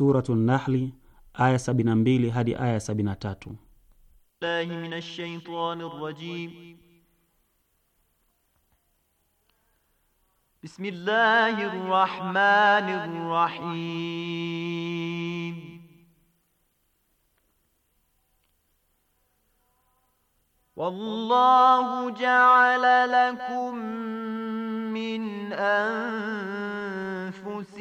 Suratu Nahli aya 72 hadi aya 73. Billahi minash shaitani rajim. Bismillahir Rahmanir Rahim. Wallahu ja'ala lakum min an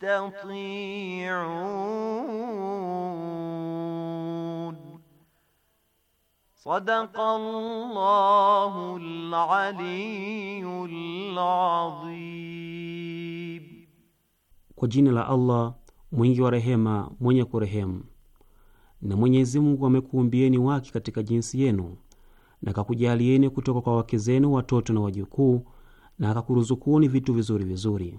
tastati'un. Sadaqallahul aliyyul adhim. Kwa jina la Allah mwingi wa rehema, mwenye kurehemu. Na Mwenyezi Mungu amekuumbieni wake katika jinsi yenu na akakujalieni kutoka kwa wake zenu watoto na wajukuu na akakuruzukuni vitu vizuri vizuri.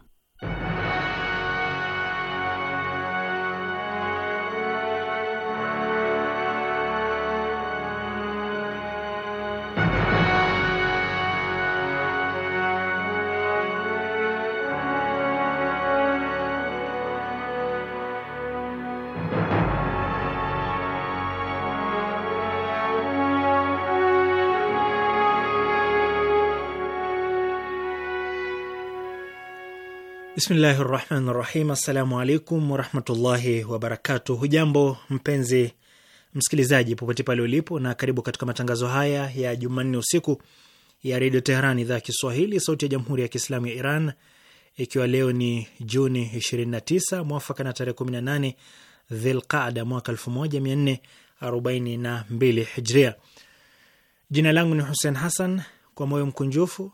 Bismillahi rahmani rahim. Assalamu alaikum warahmatullahi wabarakatu. Hujambo mpenzi msikilizaji, popote pale ulipo, na karibu katika matangazo haya ya Jumanne usiku ya redio Teheran, idhaa ya Kiswahili, sauti ya jamhuri ya kiislamu ya Iran, ikiwa leo ni Juni 29 mwafaka na tarehe 18 Dhilqada mwaka 1442 Hijria. Jina langu ni Hussein Hassan, kwa moyo mkunjufu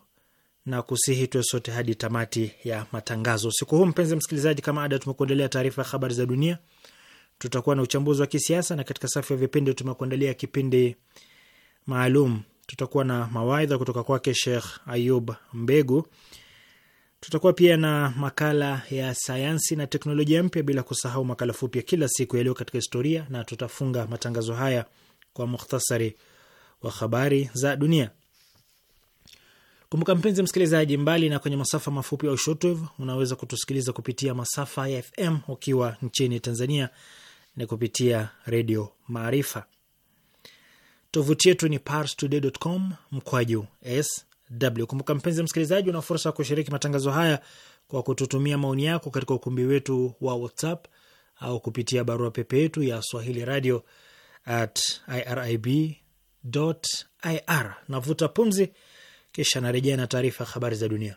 na kusihi tuwe sote hadi tamati ya matangazo siku huu. Mpenzi msikilizaji, kama ada, tumekuandalia taarifa ya habari za dunia, tutakuwa na uchambuzi wa kisiasa, na katika safu ya vipindi tumekuandalia kipindi maalum, tutakuwa na mawaidha kutoka kwake Sheikh Ayub Mbegu, tutakuwa pia na makala ya sayansi na teknolojia mpya, bila kusahau makala fupi ya kila siku yaliyo katika historia, na tutafunga matangazo haya kwa mukhtasari wa habari za dunia. Kumbuka mpenzi msikilizaji, mbali na kwenye masafa mafupi au shortwave, unaweza kutusikiliza kupitia masafa ya FM ukiwa nchini Tanzania ni kupitia Redio Maarifa. Tovuti yetu ni parstoday.com mkwaju sw. Kumbuka mpenzi msikilizaji, una fursa ya kushiriki matangazo haya kwa kututumia maoni yako katika ukumbi wetu wa WhatsApp au kupitia barua pepe yetu ya swahili radio at irib ir. Navuta pumzi kisha narejea na taarifa ya habari za dunia.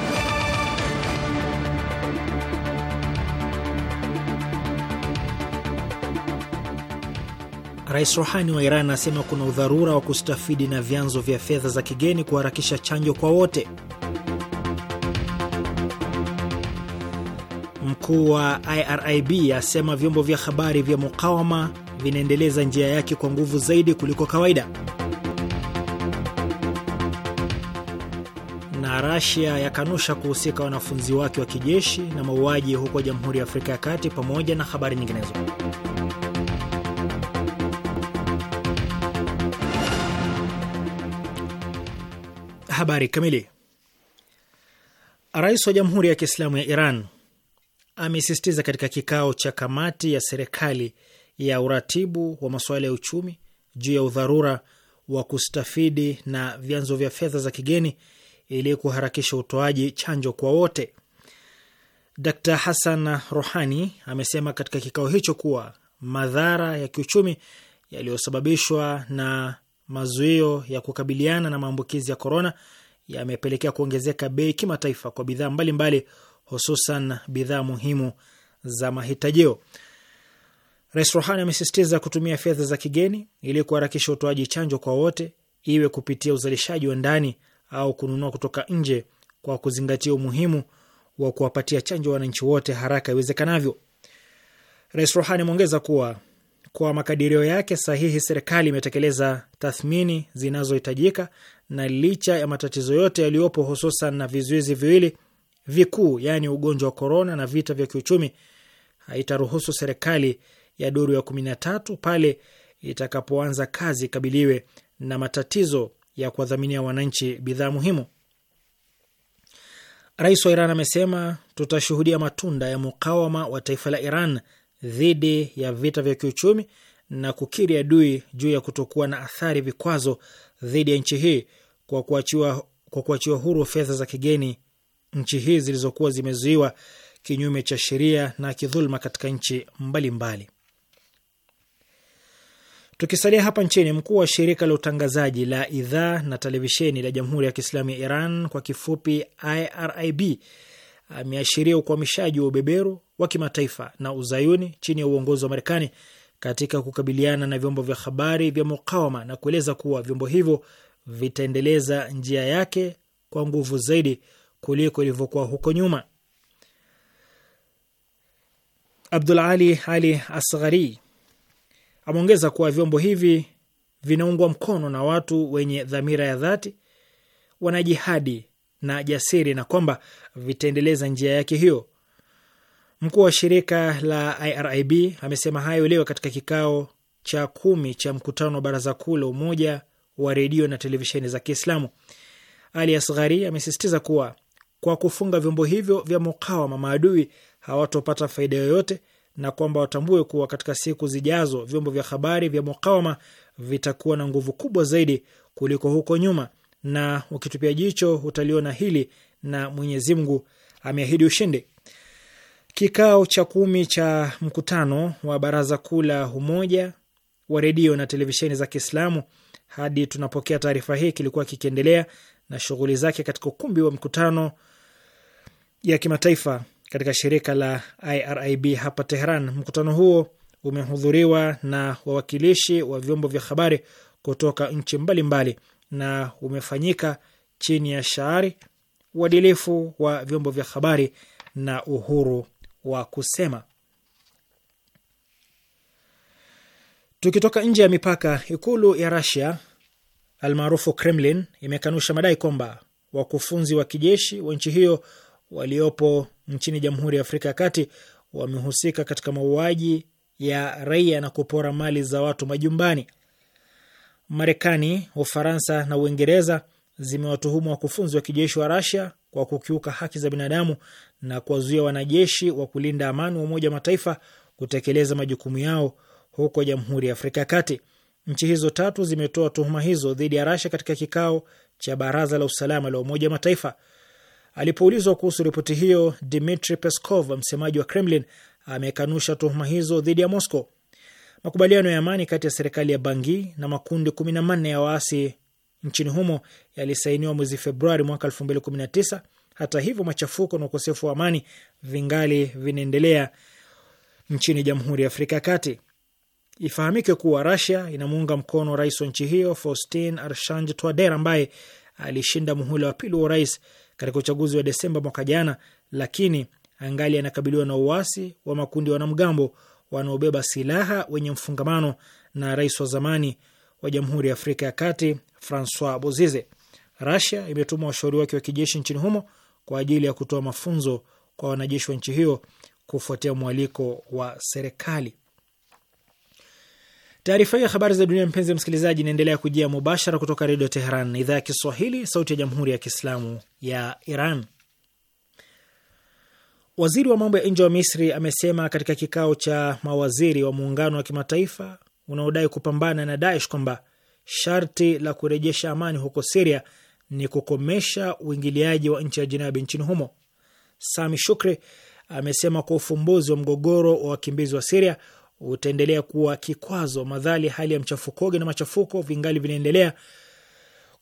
Rais Rohani wa Iran anasema kuna udharura wa kustafidi na vyanzo vya fedha za kigeni kuharakisha chanjo kwa wote. Mkuu wa IRIB asema vyombo vya habari vya mukawama vinaendeleza njia yake kwa nguvu zaidi kuliko kawaida. Na Rasia yakanusha kuhusika wanafunzi wake wa kijeshi na mauaji huko Jamhuri ya Afrika ya Kati, pamoja na habari nyinginezo. Habari kamili. Rais wa Jamhuri ya Kiislamu ya Iran amesisitiza katika kikao cha kamati ya serikali ya uratibu wa masuala ya uchumi juu ya udharura wa kustafidi na vyanzo vya fedha za kigeni ili kuharakisha utoaji chanjo kwa wote. Dr Hassan Rohani amesema katika kikao hicho kuwa madhara ya kiuchumi yaliyosababishwa na mazuio ya kukabiliana na maambukizi ya korona yamepelekea kuongezeka bei kimataifa kwa bidhaa mbalimbali, hususan bidhaa muhimu za mahitajio. Rais Rohani amesisitiza kutumia fedha za kigeni ili kuharakisha utoaji chanjo kwa wote, iwe kupitia uzalishaji wa ndani au kununua kutoka nje, kwa kuzingatia umuhimu wa kuwapatia chanjo wananchi wote haraka iwezekanavyo. Rais Rohani ameongeza kuwa kwa makadirio yake sahihi, serikali imetekeleza tathmini zinazohitajika, na licha ya matatizo yote yaliyopo, hususan na vizuizi viwili vikuu, yaani ugonjwa wa korona na vita vya kiuchumi, haitaruhusu serikali ya duru ya kumi na tatu pale itakapoanza kazi ikabiliwe na matatizo ya kuwadhaminia wananchi bidhaa muhimu. Rais wa Iran amesema tutashuhudia matunda ya mukawama wa taifa la Iran dhidi ya vita vya kiuchumi na kukiri adui juu ya kutokuwa na athari vikwazo dhidi ya nchi hii kwa kuachiwa, kwa kuachiwa huru fedha za kigeni nchi hii zilizokuwa zimezuiwa kinyume cha sheria na kidhuluma katika nchi mbalimbali. Tukisalia hapa nchini, mkuu wa shirika la utangazaji la idhaa na televisheni la Jamhuri ya Kiislamu ya Iran kwa kifupi IRIB ameashiria ukwamishaji wa ubeberu wa kimataifa na uzayuni chini ya uongozi wa Marekani katika kukabiliana na vyombo vya habari vya mukawama na kueleza kuwa vyombo hivyo vitaendeleza njia yake kwa nguvu zaidi kuliko ilivyokuwa huko nyuma. Abdul Ali Ali Asghari ameongeza kuwa vyombo hivi vinaungwa mkono na watu wenye dhamira ya dhati, wanajihadi na jasiri na kwamba vitaendeleza njia yake hiyo. Mkuu wa shirika la IRIB amesema hayo leo katika kikao cha kumi cha mkutano wa baraza kuu la Umoja wa Redio na Televisheni za Kiislamu. Ali Asghari amesisitiza kuwa kwa kufunga vyombo hivyo vya mukawama, maadui hawatopata faida yoyote, na kwamba watambue kuwa katika siku zijazo vyombo vya habari vya mukawama vitakuwa na nguvu kubwa zaidi kuliko huko nyuma na ukitupia jicho utaliona hili, na Mwenyezi Mungu ameahidi ushindi. Kikao cha kumi cha mkutano wa Baraza Kuu la Umoja wa Redio na Televisheni za Kiislamu hadi tunapokea taarifa hii kilikuwa kikiendelea na shughuli zake katika ukumbi wa mkutano ya kimataifa katika shirika la IRIB hapa Tehran. Mkutano huo umehudhuriwa na wawakilishi wa vyombo vya habari kutoka nchi mbalimbali na umefanyika chini ya shaari uadilifu wa vyombo vya habari na uhuru wa kusema. Tukitoka nje ya mipaka, ikulu ya Rasia almaarufu Kremlin imekanusha madai kwamba wakufunzi wa kijeshi wa nchi hiyo waliopo nchini Jamhuri ya Afrika ya Kati wamehusika katika mauaji ya raia na kupora mali za watu majumbani. Marekani, Ufaransa na Uingereza zimewatuhumu wakufunzi wa kijeshi wa Rasia kwa kukiuka haki za binadamu na kuwazuia wanajeshi wa kulinda amani wa Umoja wa Mataifa kutekeleza majukumu yao huko Jamhuri ya Afrika ya Kati. Nchi hizo tatu zimetoa tuhuma hizo dhidi ya Rasia katika kikao cha Baraza la Usalama la Umoja wa Mataifa. Alipoulizwa kuhusu ripoti hiyo, Dmitri Peskov, msemaji wa Kremlin, amekanusha tuhuma hizo dhidi ya Moscow. Makubaliano ya amani kati ya serikali ya Bangi na makundi kumi na manne ya waasi nchini humo yalisainiwa mwezi Februari mwaka elfu mbili kumi na tisa. Hata hivyo, machafuko na ukosefu wa amani vingali vinaendelea nchini Jamhuri ya Afrika ya Kati. Ifahamike kuwa Rasia inamuunga mkono rais wa nchi hiyo Faustin Archange Touadera ambaye alishinda muhula wa pili wa urais katika uchaguzi wa Desemba mwaka jana, lakini angali anakabiliwa na uasi wa makundi ya wanamgambo wanaobeba silaha wenye mfungamano na rais wa zamani wa Jamhuri ya Afrika ya Kati Francois Bozize. Rasia imetuma washauri wake wa kijeshi nchini humo kwa ajili ya kutoa mafunzo kwa wanajeshi wa nchi hiyo kufuatia mwaliko wa serikali. Taarifa hii ya habari za dunia, mpenzi msikilizaji, inaendelea kujia mubashara kutoka Redio Teheran, idhaa ya Kiswahili, sauti ya Jamhuri ya Kiislamu ya Iran. Waziri wa mambo ya nje wa Misri amesema katika kikao cha mawaziri wa muungano wa kimataifa unaodai kupambana na Daesh kwamba sharti la kurejesha amani huko Siria ni kukomesha uingiliaji wa nchi ya jinabi nchini humo. Sami Shukri amesema kwa ufumbuzi wa mgogoro wa wakimbizi wa Siria utaendelea kuwa kikwazo madhali hali ya mchafukoge na machafuko vingali vinaendelea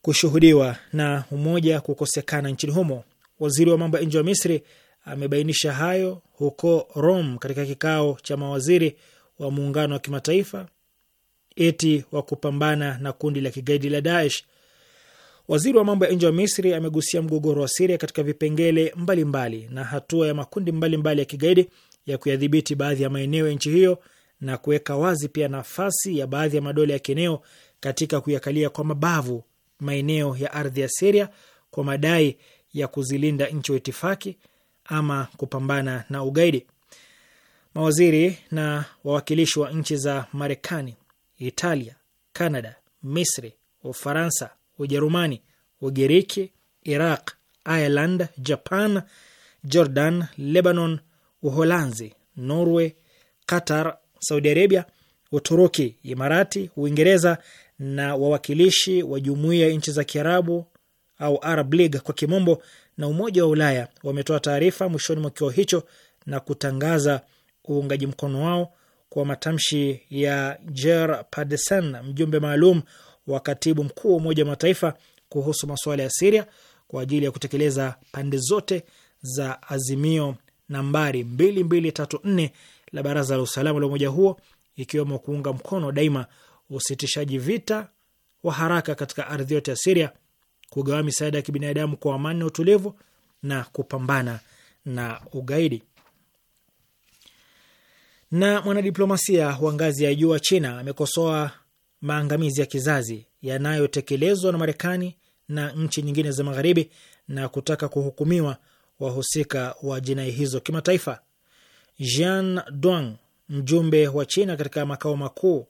kushuhudiwa na umoja kukosekana nchini humo. Waziri wa mambo ya nje wa Misri amebainisha hayo huko Rome katika kikao cha mawaziri wa muungano wa kimataifa eti wa kupambana na kundi la kigaidi la Daesh. Waziri wa mambo ya nje wa Misri amegusia mgogoro wa Siria katika vipengele mbalimbali mbali, na hatua ya makundi mbalimbali mbali ya kigaidi ya kuyadhibiti baadhi ya maeneo ya nchi hiyo na kuweka wazi pia nafasi ya baadhi ya madola ya kieneo katika kuyakalia kwa mabavu maeneo ya ardhi ya Siria kwa madai ya kuzilinda nchi wa itifaki ama kupambana na ugaidi. Mawaziri na wawakilishi wa nchi za Marekani, Italia, canada Misri, Ufaransa, Ujerumani, Ugiriki, Iraq, Ireland, Japan, Jordan, Lebanon, Uholanzi, Norway, Qatar, Saudi Arabia, Uturuki, Imarati, Uingereza na wawakilishi wa jumuiya ya nchi za Kiarabu au Arab League kwa kimombo na Umoja wa Ulaya wametoa taarifa mwishoni mwa kikao hicho na kutangaza uungaji mkono wao kwa matamshi ya Jer Padesan, mjumbe maalum wa katibu mkuu wa Umoja wa Mataifa kuhusu masuala ya Siria kwa ajili ya kutekeleza pande zote za azimio nambari 2234 la Baraza la Usalama la umoja huo, ikiwemo kuunga mkono daima usitishaji vita wa haraka katika ardhi yote ya Siria kugawa misaada ya kibinadamu kwa amani na utulivu na kupambana na ugaidi. Na mwanadiplomasia wa ngazi ya juu wa China amekosoa maangamizi ya kizazi yanayotekelezwa na Marekani na nchi nyingine za Magharibi na kutaka kuhukumiwa wahusika wa jinai hizo kimataifa. Jian Duang, mjumbe wa China katika makao makuu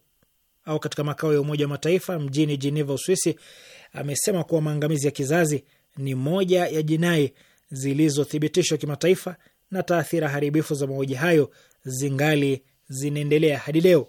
au katika makao ya Umoja wa Mataifa mjini Geneva, Uswisi, amesema kuwa maangamizi ya kizazi ni moja ya jinai zilizothibitishwa kimataifa na taathira haribifu za mauaji hayo zingali zinaendelea hadi leo.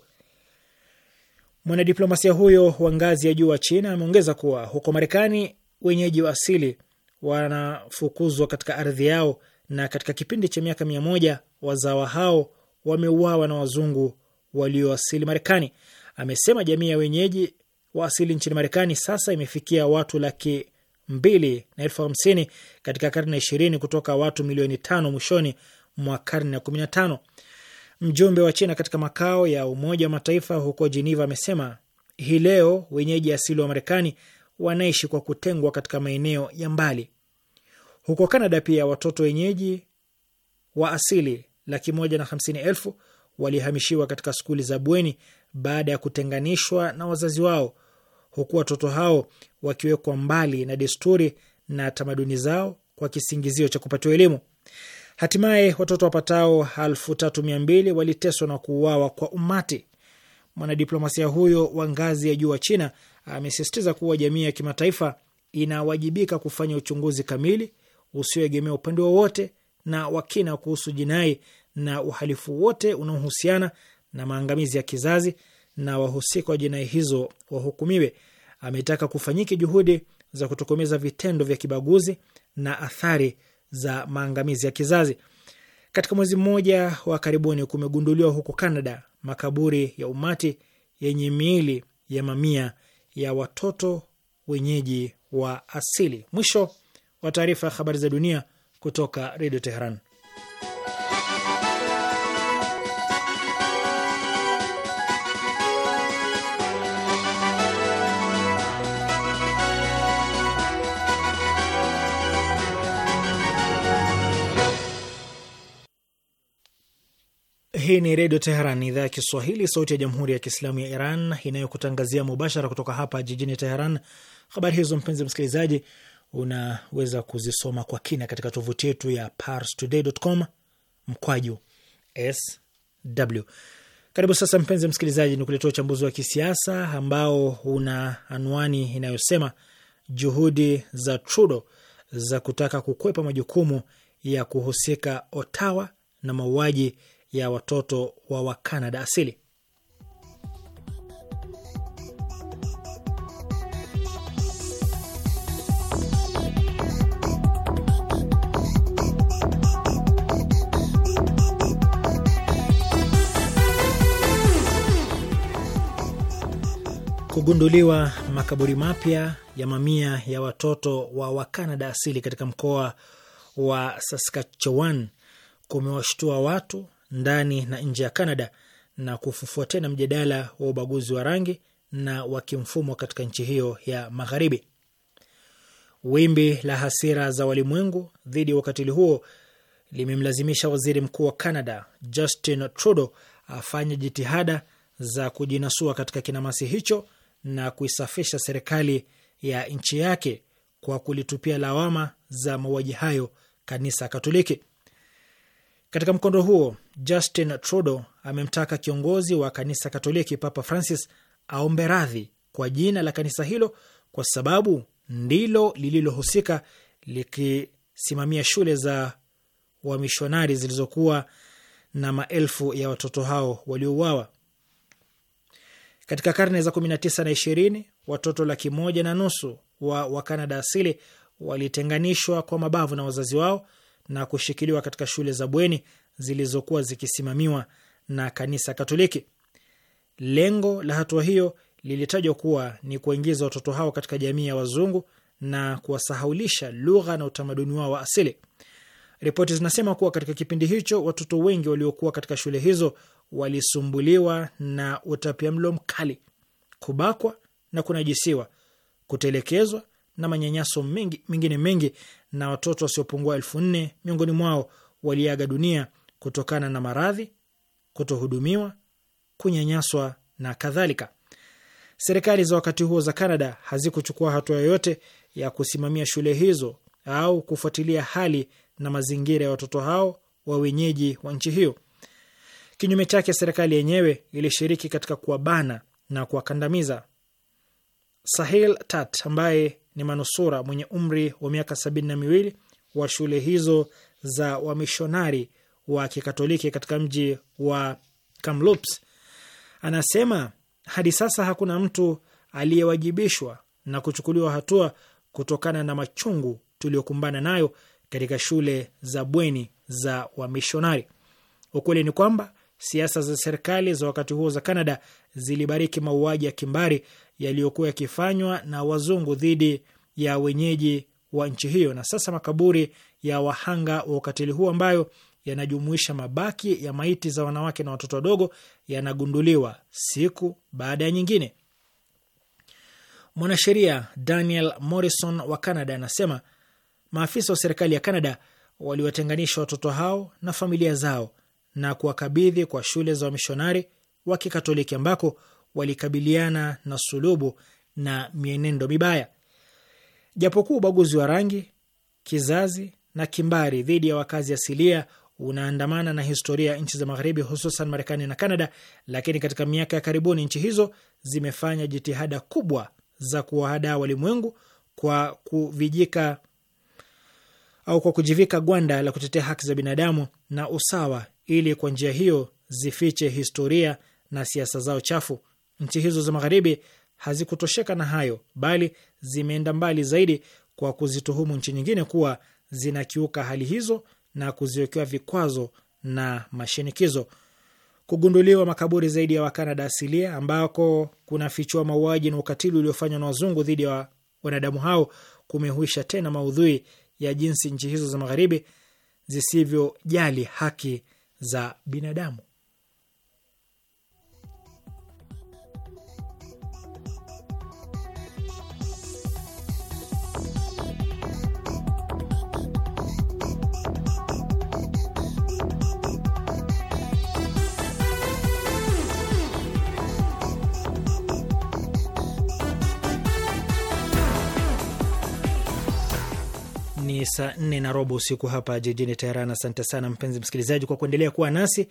Mwanadiplomasia huyo wa ngazi ya juu wa China ameongeza kuwa huko Marekani wenyeji wa asili wanafukuzwa katika ardhi yao, na katika kipindi cha miaka mia moja wazawa hao wameuawa na wazungu walioasili Marekani amesema jamii ya wenyeji wa asili nchini Marekani sasa imefikia watu laki mbili na elfu hamsini katika karne ya ishirini kutoka watu milioni tano mwishoni mwa karne ya kumi na tano. Mjumbe wa China katika makao ya Umoja wa Mataifa huko Jeneva amesema hii leo wenyeji asili wa Marekani wanaishi kwa kutengwa katika maeneo ya mbali. Huko Kanada pia watoto wenyeji wa asili laki moja na hamsini elfu walihamishiwa katika skuli za bweni baada ya kutenganishwa na wazazi wao, huku watoto hao wakiwekwa mbali na desturi na tamaduni zao kwa kisingizio cha kupatiwa elimu. Hatimaye watoto wapatao elfu tatu mia mbili waliteswa na kuuawa kwa umati. Mwanadiplomasia huyo wa ngazi ya juu wa China amesisitiza kuwa jamii ya kimataifa inawajibika kufanya uchunguzi kamili usioegemea upande wowote na wakina kuhusu jinai na uhalifu wote unaohusiana na maangamizi ya kizazi na wahusika wa jinai hizo wahukumiwe. Ametaka kufanyike juhudi za kutokomeza vitendo vya kibaguzi na athari za maangamizi ya kizazi. Katika mwezi mmoja wa karibuni kumegunduliwa huko Canada makaburi ya umati yenye miili ya mamia ya watoto wenyeji wa asili. Mwisho wa taarifa ya habari za dunia kutoka Redio Teheran. Hii ni Redio Teheran, idhaa ya Kiswahili, sauti ya Jamhuri ya Kiislamu ya Iran inayokutangazia mubashara kutoka hapa jijini Teheran. Habari hizo mpenzi msikilizaji, unaweza kuzisoma kwa kina katika tovuti yetu ya parstoday.com mkwaju sw. Karibu sasa, mpenzi msikilizaji, ni kuletea uchambuzi wa kisiasa ambao una anwani inayosema juhudi za Trudeau za kutaka kukwepa majukumu ya kuhusika Ottawa na mauaji ya watoto wa Wakanada asili. Kugunduliwa makaburi mapya ya mamia ya watoto wa Wakanada asili katika mkoa wa Saskatchewan kumewashtua watu ndani na nje ya Canada na kufufua tena mjadala wa ubaguzi wa rangi na wa kimfumo katika nchi hiyo ya magharibi. Wimbi la hasira za walimwengu dhidi ya ukatili huo limemlazimisha waziri mkuu wa Canada Justin Trudeau afanye jitihada za kujinasua katika kinamasi hicho na kuisafisha serikali ya nchi yake kwa kulitupia lawama za mauaji hayo kanisa Katoliki. Katika mkondo huo, Justin Trudeau amemtaka kiongozi wa kanisa Katoliki Papa Francis aombe radhi kwa jina la kanisa hilo kwa sababu ndilo lililohusika likisimamia shule za wamishonari zilizokuwa na maelfu ya watoto hao waliouawa katika karne za 19 na 20. Watoto laki moja na nusu wa Wakanada asili walitenganishwa kwa mabavu na wazazi wao na kushikiliwa katika shule za bweni zilizokuwa zikisimamiwa na kanisa Katoliki. Lengo la hatua hiyo lilitajwa kuwa ni kuingiza watoto hao katika jamii ya wazungu na kuwasahaulisha lugha na utamaduni wao wa asili. Ripoti zinasema kuwa katika kipindi hicho watoto wengi waliokuwa katika shule hizo walisumbuliwa na utapiamlo mkali, kubakwa na kunajisiwa, kutelekezwa na manyanyaso mengine mengi na watoto wasiopungua elfu nne miongoni mwao waliaga dunia kutokana na maradhi, kutohudumiwa, kunyanyaswa na kadhalika. Serikali za wakati huo za Canada hazikuchukua hatua yoyote ya kusimamia shule hizo au kufuatilia hali na mazingira ya watoto hao wa wenyeji wa nchi hiyo. Kinyume chake, serikali yenyewe ilishiriki katika kuwabana na kuwakandamiza. Sahil Tat ambaye ni manusura mwenye umri wa miaka sabini na miwili wa shule hizo za wamishonari wa Kikatoliki katika mji wa Kamloops. Anasema hadi sasa hakuna mtu aliyewajibishwa na kuchukuliwa hatua kutokana na machungu tuliokumbana nayo katika shule za bweni za wamishonari. Ukweli ni kwamba siasa za serikali za wakati huo za Kanada zilibariki mauaji ya kimbari yaliyokuwa yakifanywa na wazungu dhidi ya wenyeji wa nchi hiyo, na sasa makaburi ya wahanga wa ukatili huo ambayo yanajumuisha mabaki ya maiti za wanawake na watoto wadogo yanagunduliwa siku baada ya nyingine. Mwanasheria Daniel Morrison wa Canada anasema maafisa wa serikali ya Canada waliwatenganisha watoto hao na familia zao na kuwakabidhi kwa shule za wamishonari wa Kikatoliki ambako walikabiliana na sulubu na mienendo mibaya. Japokuwa ubaguzi wa rangi, kizazi na kimbari dhidi ya wakazi asilia unaandamana na historia ya nchi za Magharibi, hususan Marekani na Kanada, lakini katika miaka ya karibuni nchi hizo zimefanya jitihada kubwa za kuwahadaa walimwengu kwa kuvijika au kwa kujivika gwanda la kutetea haki za binadamu na usawa, ili kwa njia hiyo zifiche historia na siasa zao chafu nchi hizo za magharibi hazikutosheka na hayo, bali zimeenda mbali zaidi kwa kuzituhumu nchi nyingine kuwa zinakiuka hali hizo na kuziwekewa vikwazo na mashinikizo. Kugunduliwa makaburi zaidi ya Wakanada asilia ambako kunafichua mauaji na ukatili uliofanywa na wazungu dhidi ya wanadamu hao kumehuisha tena maudhui ya jinsi nchi hizo za magharibi zisivyojali haki za binadamu. saa nne na robo usiku hapa jijini Teheran. Asante sana mpenzi msikilizaji kwa kuendelea kuwa nasi.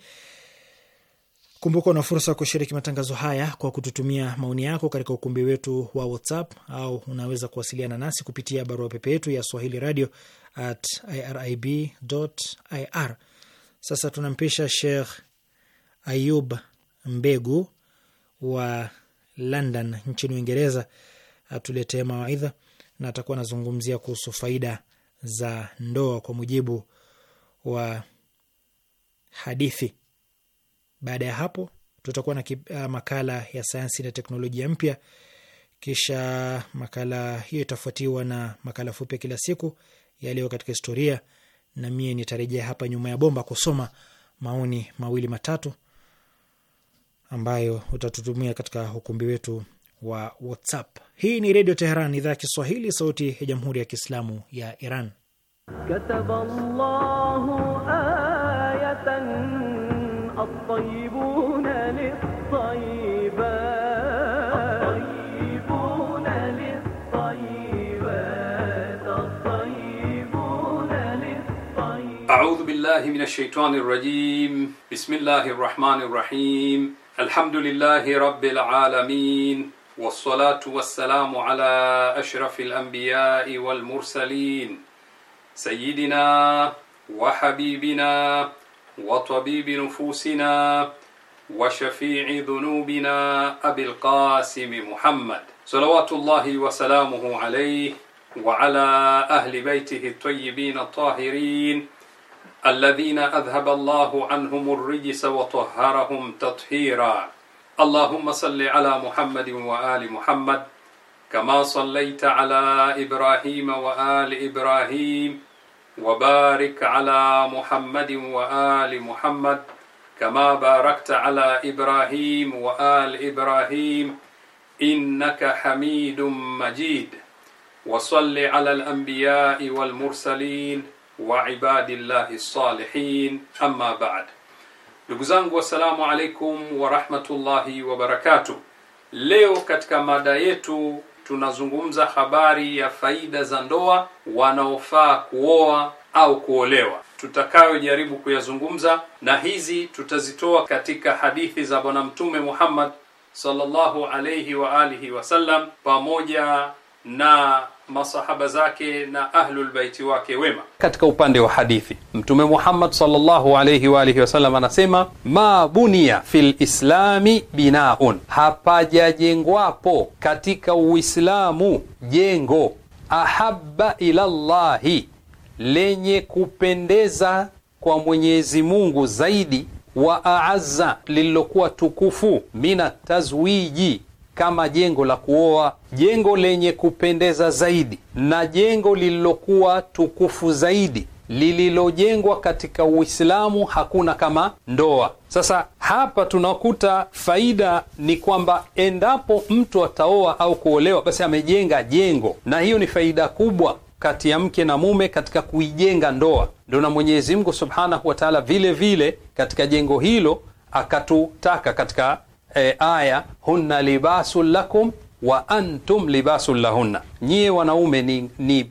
Kumbuka una fursa ya kushiriki matangazo haya kwa kututumia maoni yako katika ukumbi wetu wa WhatsApp au unaweza kuwasiliana nasi kupitia barua pepe yetu ya swahili radio at irib ir. Sasa tunampisha Sheikh Ayub Mbegu wa London nchini Uingereza atuletee mawaidha na atakuwa anazungumzia kuhusu faida za ndoa kwa mujibu wa hadithi. Baada ya hapo tutakuwa na uh, makala ya sayansi na teknolojia mpya, kisha makala hiyo itafuatiwa na makala fupi kila siku yaliyo katika historia, na mie nitarejea hapa nyuma ya bomba kusoma maoni mawili matatu ambayo utatutumia katika ukumbi wetu wa WhatsApp. Hii ni Redio Teheran, idhaa ya Kiswahili, sauti ya Jamhuri ya Kiislamu ya Iran. Audhu billahi minash shaitani rajim. Bismillahi rahmani rahim. Alhamdulillahi rabbil alamin والصلاة والسلام على أشرف الأنبياء والمرسلين سيدنا وحبيبنا وطبيب نفوسنا وشفيع ذنوبنا أبي القاسم محمد صلوات الله وسلامه عليه وعلى أهل بيته الطيبين الطاهرين الذين أذهب الله عنهم الرجس وطهرهم تطهيرا اللهم صل على محمد وآل محمد كما صليت على إبراهيم وآل إبراهيم وبارك على محمد وآل محمد كما باركت على إبراهيم وآل إبراهيم إنك حميد مجيد وصل على الأنبياء والمرسلين وعباد الله الصالحين أما بعد Ndugu zangu, wassalamu alaikum warahmatullahi wabarakatuh. Leo katika mada yetu tunazungumza habari ya faida za ndoa, wanaofaa kuoa au kuolewa, tutakayojaribu kuyazungumza, na hizi tutazitoa katika hadithi za Bwana Mtume Muhammad sallallahu alayhi wa alihi wasallam pamoja na masahaba zake na ahlul baiti wake wema. Katika upande wa hadithi, Mtume Muhammad sallallahu alayhi wa alihi wasallam anasema ma bunia fil islami binaun, hapajajengwapo katika Uislamu jengo ahabba ila llahi, lenye kupendeza kwa Mwenyezi Mungu zaidi, wa aazza, lililokuwa tukufu, mina tazwiji kama jengo la kuoa, jengo lenye kupendeza zaidi na jengo lililokuwa tukufu zaidi lililojengwa katika Uislamu hakuna kama ndoa. Sasa hapa tunakuta faida ni kwamba endapo mtu ataoa au kuolewa, basi amejenga jengo, na hiyo ni faida kubwa kati ya mke na mume katika kuijenga ndoa. ndo na Mwenyezi Mungu subhanahu wa taala vile vile katika jengo hilo akatutaka katika e, aya hunna libasun lakum wa antum libasun lahunna, nyie wanaume ni, ni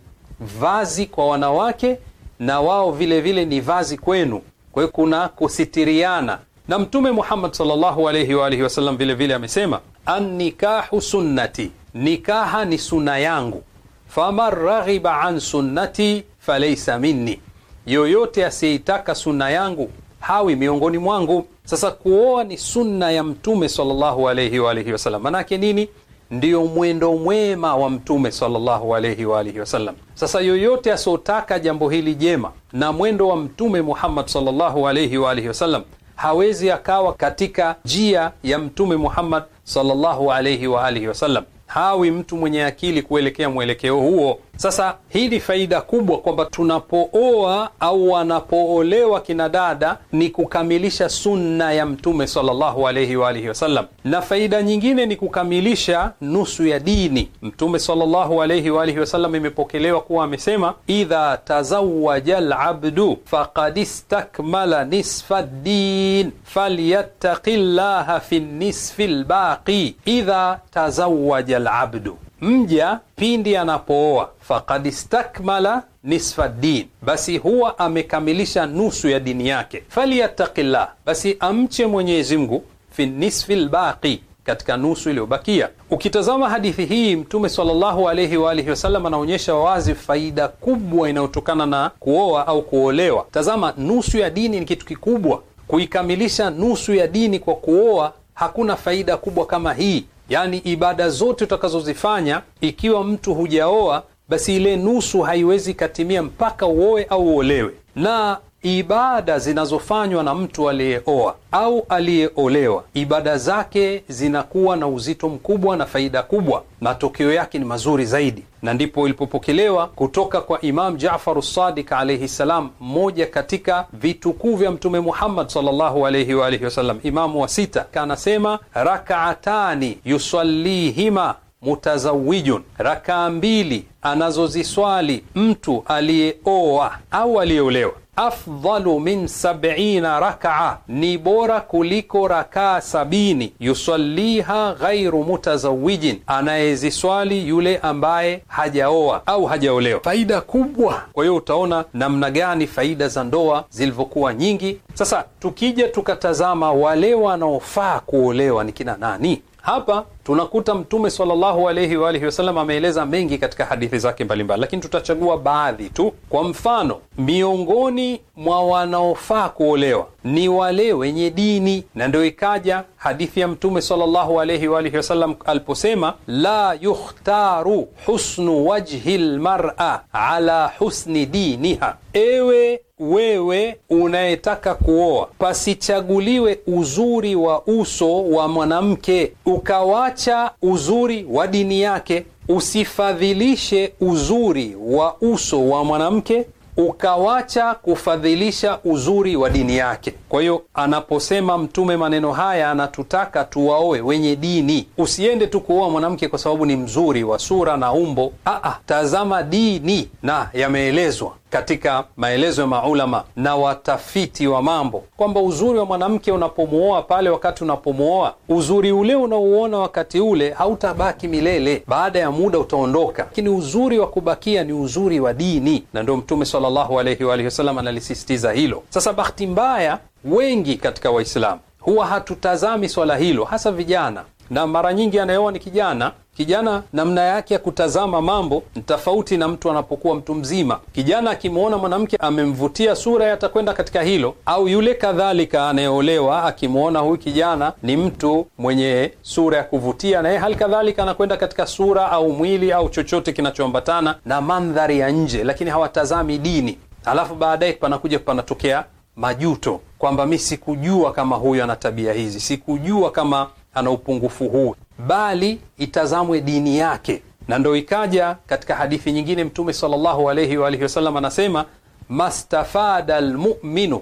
vazi kwa wanawake na wao vile vile ni vazi kwenu. Kwa hiyo kuna kusitiriana, na Mtume Muhammad sallallahu alayhi wa alihi wasallam vile vile amesema annikahu sunnati, nikaha ni suna yangu, faman raghiba an sunnati falaysa minni, yoyote asiyeitaka suna yangu hawi miongoni mwangu. Sasa kuoa ni sunna ya Mtume sallallahu wa alihi wasallam. Manake nini? Ndiyo mwendo mwema wa Mtume sallallahu wa alihi wasallam. Sasa yoyote asiotaka jambo hili jema na mwendo wa Mtume Muhammad sallallahu wa alihi wasallam hawezi akawa katika njia ya Mtume Muhammad sallallahu wa alihi wasallam. Hawi mtu mwenye akili kuelekea mwelekeo huo. Sasa hii ni faida kubwa kwamba tunapooa au wanapoolewa kina dada ni kukamilisha sunna ya Mtume sallallahu alayhi wa alihi wasallam, na faida nyingine ni kukamilisha nusu ya dini. Mtume sallallahu alayhi wa alihi wasallam imepokelewa kuwa amesema, idha tazawaja labdu faqad istakmala nisfa ddin falyattaqi llaha fi nisfi lbaqi. Idha tazawaja labdu mja pindi anapooa, fakad stakmala nisfa din, basi huwa amekamilisha nusu ya dini yake. Falyattaqillah, basi amche Mwenyezi Mungu fi nisfi lbaqi katika nusu iliyobakia. Ukitazama hadithi hii, Mtume sallallahu alayhi wa alihi wasallam anaonyesha wazi faida kubwa inayotokana na kuoa au kuolewa. Tazama, nusu ya dini ni kitu kikubwa. Kuikamilisha nusu ya dini kwa kuoa hakuna faida kubwa kama hii yaani ibada zote utakazozifanya ikiwa mtu hujaoa, basi ile nusu haiwezi katimia mpaka uoe au uolewe na ibada zinazofanywa na mtu aliyeoa au aliyeolewa, ibada zake zinakuwa na uzito mkubwa na faida kubwa, matokeo yake ni mazuri zaidi. Na ndipo ilipopokelewa kutoka kwa Imam Jafaru Sadiq alaihi ssalam, mmoja katika vitukuu vya Mtume Muhammad sallallahu alaihi wa alihi wasallam, imamu wa sita, kanasema rakaatani yusalihima mutazawijun, rakaa mbili anazoziswali mtu aliyeoa au aliyeolewa afdalu min sabina rakaa, ni bora kuliko rakaa sabini. Yusaliha ghairu mutazawijin, anayeziswali yule ambaye hajaoa au hajaolewa. Faida kubwa. Kwa hiyo utaona namna gani faida za ndoa zilivyokuwa nyingi. Sasa tukija tukatazama wale wanaofaa kuolewa ni kina nani? Hapa tunakuta Mtume sallallahu alaihi wa alihi wasallam ameeleza mengi katika hadithi zake mbalimbali, lakini tutachagua baadhi tu. Kwa mfano, miongoni mwa wanaofaa kuolewa ni wale wenye dini, na ndio ikaja hadithi ya Mtume sallallahu alaihi wa alihi wasallam aliposema, la yukhtaru husnu wajhi lmar'a ala husni diniha, ewe wewe unayetaka kuoa, pasichaguliwe uzuri wa uso wa mwanamke ukawacha uzuri wa dini yake. Usifadhilishe uzuri wa uso wa mwanamke ukawacha kufadhilisha uzuri wa dini yake. Kwa hiyo anaposema Mtume maneno haya, anatutaka tuwaoe wenye dini. Usiende tu kuoa mwanamke kwa sababu ni mzuri wa sura na umbo. Aa, tazama dini na yameelezwa katika maelezo ya maulama na watafiti wa mambo kwamba uzuri wa mwanamke unapomwoa pale, wakati unapomwoa, uzuri ule unaouona wakati ule hautabaki milele, baada ya muda utaondoka, lakini uzuri wa kubakia ni uzuri wa dini, na ndio Mtume sallallahu alaihi wa alihi wasallam analisisitiza hilo. Sasa bahati mbaya, wengi katika Waislamu huwa hatutazami swala hilo, hasa vijana na mara nyingi anayeoa ni kijana. Kijana namna yake ya kutazama mambo ni tofauti na mtu anapokuwa mtu mzima. Kijana akimwona mwanamke amemvutia sura, atakwenda katika hilo, au yule kadhalika anayeolewa akimwona huyu kijana ni mtu mwenye sura ya kuvutia, na yeye hali kadhalika anakwenda katika sura au mwili au chochote kinachoambatana na mandhari ya nje, lakini hawatazami dini. Alafu baadaye panakuja panatokea majuto kwamba mi sikujua kama huyu ana tabia hizi, sikujua kama ana upungufu huu, bali itazamwe dini yake. Na ndo ikaja katika hadithi nyingine Mtume sallallahu wa alihi wasallam anasema mastafada lmuminu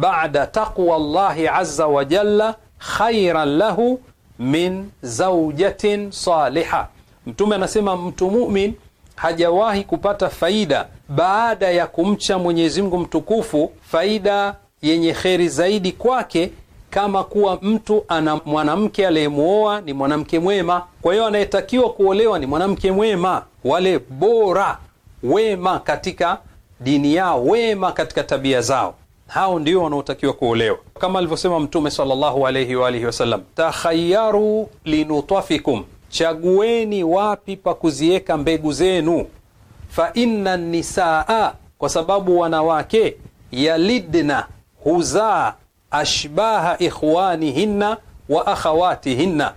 bada taqwa llahi aza wajalla khairan lahu min zaujatin saliha. Mtume anasema mtu mumin hajawahi kupata faida baada ya kumcha Mwenyezi Mungu mtukufu, faida yenye kheri zaidi kwake kama kuwa mtu ana mwanamke aliyemwoa ni mwanamke mwema. Kwa hiyo anayetakiwa kuolewa ni mwanamke mwema, wale bora, wema katika dini yao, wema katika tabia zao, hao ndio wanaotakiwa kuolewa, kama alivyosema Mtume sallallahu alayhi wa alihi wasallam, takhayaru linutafikum, chagueni wapi pa kuziweka mbegu zenu, fa inna nisaa, kwa sababu wanawake yalidna huzaa ashbaha ikhwanihinna wa akhawatihinna,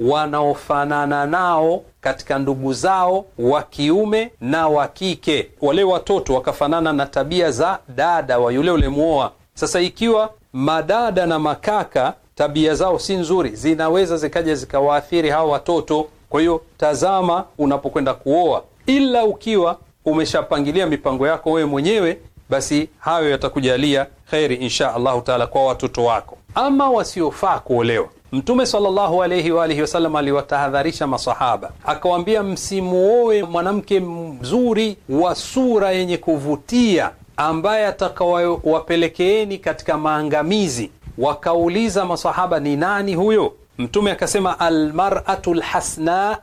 wanaofanana nao katika ndugu zao wa kiume na wa kike. Wale watoto wakafanana na tabia za dada wa yule ulemwoa. Sasa ikiwa madada na makaka tabia zao si nzuri, zinaweza zikaja zikawaathiri hawa watoto. Kwa hiyo tazama unapokwenda kuoa, ila ukiwa umeshapangilia mipango yako wewe mwenyewe, basi hayo yatakujalia kheri insha allahu taala kwa watoto wako, ama wasiofaa kuolewa. Mtume sallallahu alayhi wa alihi wasallam aliwatahadharisha masahaba akawaambia, msimuoe mwanamke mzuri wa sura yenye kuvutia ambaye atakawawapelekeeni katika maangamizi. Wakauliza masahaba, ni nani huyo? Mtume akasema, almaratu lhasna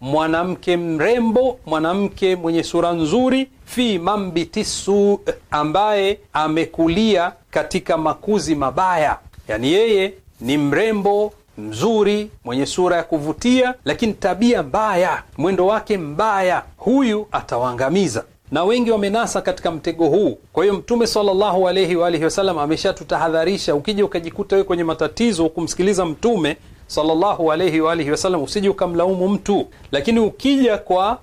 mwanamke mrembo, mwanamke mwenye sura nzuri, fi mambiti su, ambaye amekulia katika makuzi mabaya. Yani yeye ni mrembo mzuri mwenye sura ya kuvutia, lakini tabia mbaya, mwendo wake mbaya, huyu atawaangamiza na wengi wamenasa katika mtego huu. Kwa hiyo Mtume sallallahu alaihi wa alihi wasallam ameshatutahadharisha. Ukija ukajikuta wewe kwenye matatizo, kumsikiliza Mtume sallallahu alayhi wa alihi wasallam, usije ukamlaumu mtu. Lakini ukija kwa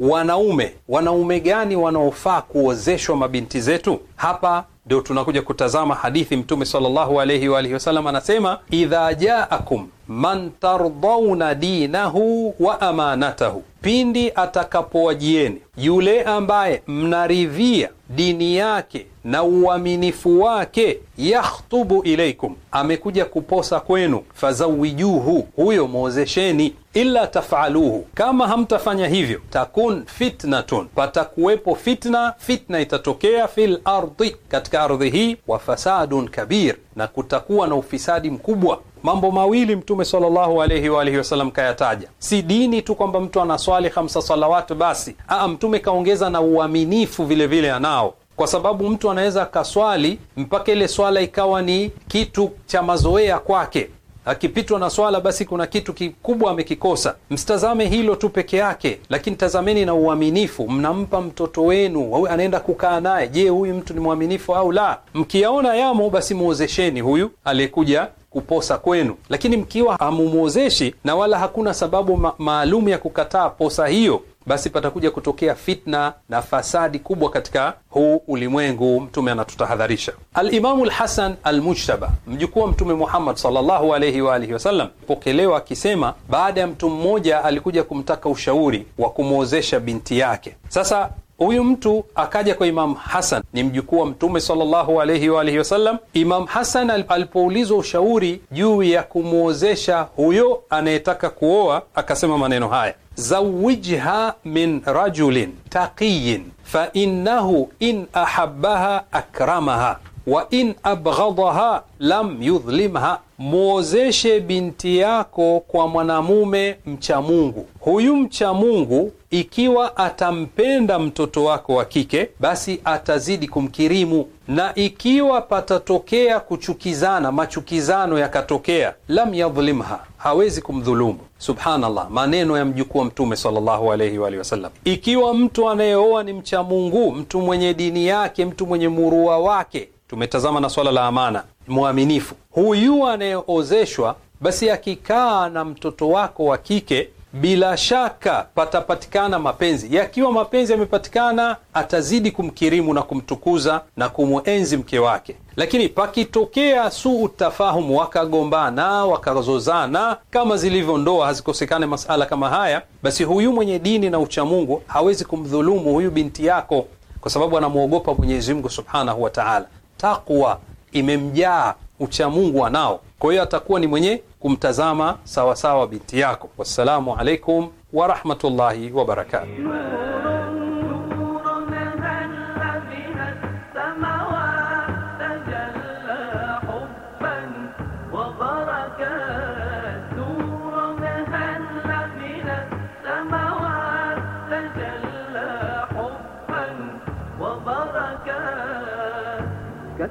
wanaume, wanaume gani wanaofaa kuozeshwa mabinti zetu? Hapa ndio tunakuja kutazama hadithi. Mtume sallallahu alayhi wa alihi wasallam anasema, idha jaakum man tardauna dinahu wa amanatahu, pindi atakapowajieni yule ambaye mnaridhia dini yake na uaminifu wake, yakhtubu ilaikum, amekuja kuposa kwenu, fazawijuhu, huyo mwozesheni illa tafaluhu, kama hamtafanya hivyo, takun fitnatun, patakuwepo fitna, fitna itatokea fil lardi katika ardhi hii, wa fasadun kabir, na kutakuwa na ufisadi mkubwa. Mambo mawili Mtume sallallahu alayhi wa alihi wasallam kayataja, si dini tu kwamba mtu anaswali hamsa salawatu basi. Aa, Mtume kaongeza na uaminifu vilevile, anao kwa sababu mtu anaweza akaswali mpaka ile swala ikawa ni kitu cha mazoea kwake. Akipitwa na swala, basi kuna kitu kikubwa amekikosa. Msitazame hilo tu peke yake, lakini tazameni na uaminifu. Mnampa mtoto wenu, anaenda kukaa naye, je, huyu mtu ni mwaminifu au la? Mkiyaona yamo, basi muozesheni huyu aliyekuja kuposa kwenu, lakini mkiwa hamumwozeshi na wala hakuna sababu ma maalum ya kukataa posa hiyo basi patakuja kutokea fitna na fasadi kubwa katika huu ulimwengu. Mtume anatutahadharisha. Alimamu Lhasan Almujtaba, mjukuu wa Mtume Muhammad sallallahu wa alihi wasallam, pokelewa akisema, baada ya mtu mmoja alikuja kumtaka ushauri wa kumwozesha binti yake. Sasa Huyu mtu akaja kwa Imamu Hasan, ni mjukuu wa Mtume sallallahu alaihi wa alihi wasallam. Imamu Hasan alipoulizwa ushauri juu ya kumwozesha huyo anayetaka kuoa, akasema maneno haya: zawijha min rajulin taqiyin fa innahu in ahabaha akramaha wa in abghadaha lam yudhlimha, mwozeshe binti yako kwa mwanamume mchamungu. Huyu mchamungu ikiwa atampenda mtoto wako wa kike, basi atazidi kumkirimu, na ikiwa patatokea kuchukizana, machukizano yakatokea, lam yadhlimha, hawezi kumdhulumu. Subhanallah, maneno ya mjukuu wa Mtume sallallahu wa alihi wasallam. Ikiwa mtu anayeoa ni mcha Mungu, mtu mwenye dini yake, mtu mwenye murua wake, tumetazama na swala la amana, mwaminifu, huyu anayeozeshwa, basi akikaa na mtoto wako wa kike bila shaka patapatikana mapenzi. Yakiwa mapenzi yamepatikana, atazidi kumkirimu na kumtukuza na kumwenzi mke wake. Lakini pakitokea su utafahumu wakagombana wakazozana, kama zilivyo ndoa, hazikosekane masala kama haya, basi huyu mwenye dini na uchamungu hawezi kumdhulumu huyu binti yako, kwa sababu anamwogopa Mwenyezi Mungu subhanahu wataala taala. Takwa imemjaa uchamungu anao, kwa hiyo atakuwa ni mwenye kumtazama sawasawa binti yako. Wassalamu alaikum warahmatullahi wabarakatuh.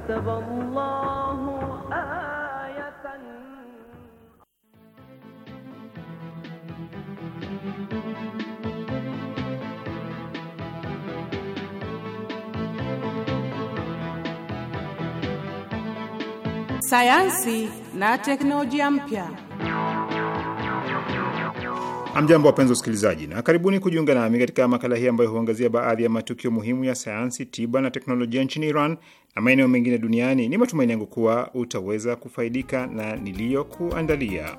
the bomb sayansi na teknolojia mpya. Amjambo, wapenzi wasikilizaji, na karibuni kujiunga nami katika makala hii ambayo huangazia baadhi ya matukio muhimu ya sayansi, tiba na teknolojia nchini Iran na maeneo mengine duniani. Ni matumaini yangu kuwa utaweza kufaidika na niliyokuandalia.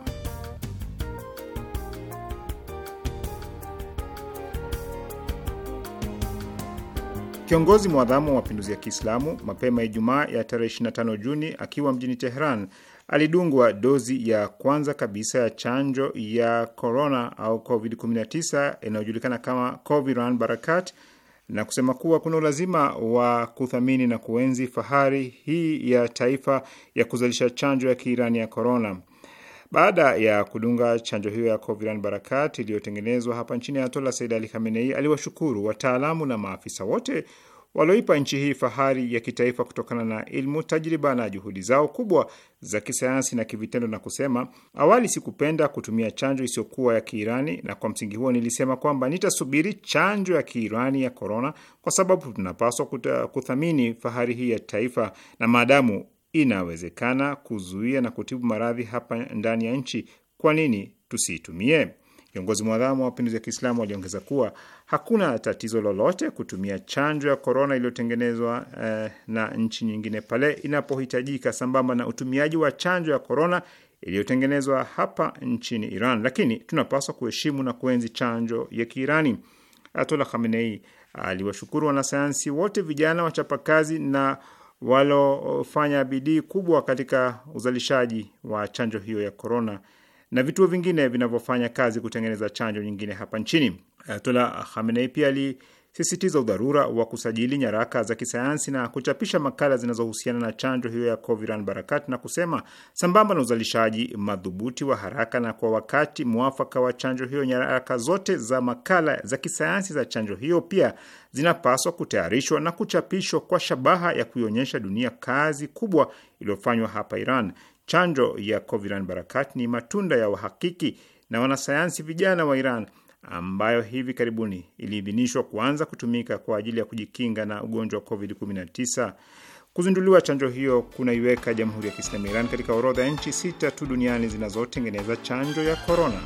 Kiongozi mwadhamu wa mapinduzi ya Kiislamu mapema Ijumaa ya tarehe 25 Juni akiwa mjini Teheran alidungwa dozi ya kwanza kabisa ya chanjo ya corona au COVID-19 inayojulikana kama Coviran Barakat na kusema kuwa kuna ulazima wa kuthamini na kuenzi fahari hii ya taifa ya kuzalisha chanjo ya Kiirani ya korona. Baada ya kudunga chanjo hiyo ya Coviran Barakat iliyotengenezwa hapa nchini, Ayatollah Said Ali Khamenei aliwashukuru wataalamu na maafisa wote walioipa nchi hii fahari ya kitaifa kutokana na ilmu, tajriba na juhudi zao kubwa za kisayansi na kivitendo, na kusema, awali sikupenda kutumia chanjo isiyokuwa ya Kiirani, na kwa msingi huo nilisema kwamba nitasubiri chanjo ya Kiirani ya korona, kwa sababu tunapaswa kuthamini fahari hii ya taifa, na maadamu inawezekana kuzuia na kutibu maradhi hapa ndani ya nchi. Kwa nini tusiitumie? Kiongozi mwadhamu wa mapinduzi ya Kiislamu waliongeza kuwa hakuna tatizo lolote kutumia chanjo ya korona iliyotengenezwa eh, na nchi nyingine pale inapohitajika, sambamba na utumiaji wa chanjo ya korona iliyotengenezwa hapa nchini Iran, lakini tunapaswa kuheshimu na kuenzi chanjo ya Kiirani. Ayatollah Khamenei aliwashukuru wanasayansi wote, vijana wachapakazi na walofanya bidii kubwa katika uzalishaji wa chanjo hiyo ya korona na vituo vingine vinavyofanya kazi kutengeneza chanjo nyingine hapa nchini. Ayatola Khamenei pia sisitiza udharura wa kusajili nyaraka za kisayansi na kuchapisha makala zinazohusiana na chanjo hiyo ya Coviran Barakat na kusema sambamba na uzalishaji madhubuti wa haraka na kwa wakati mwafaka wa chanjo hiyo, nyaraka zote za makala za kisayansi za chanjo hiyo pia zinapaswa kutayarishwa na kuchapishwa kwa shabaha ya kuionyesha dunia kazi kubwa iliyofanywa hapa Iran. Chanjo ya Coviran Barakat ni matunda ya wahakiki na wanasayansi vijana wa Iran ambayo hivi karibuni iliidhinishwa kuanza kutumika kwa ajili ya kujikinga na ugonjwa wa COVID-19. Kuzinduliwa chanjo hiyo kunaiweka Jamhuri ya Kiislamu ya Iran katika orodha ya nchi sita tu duniani zinazotengeneza chanjo ya korona.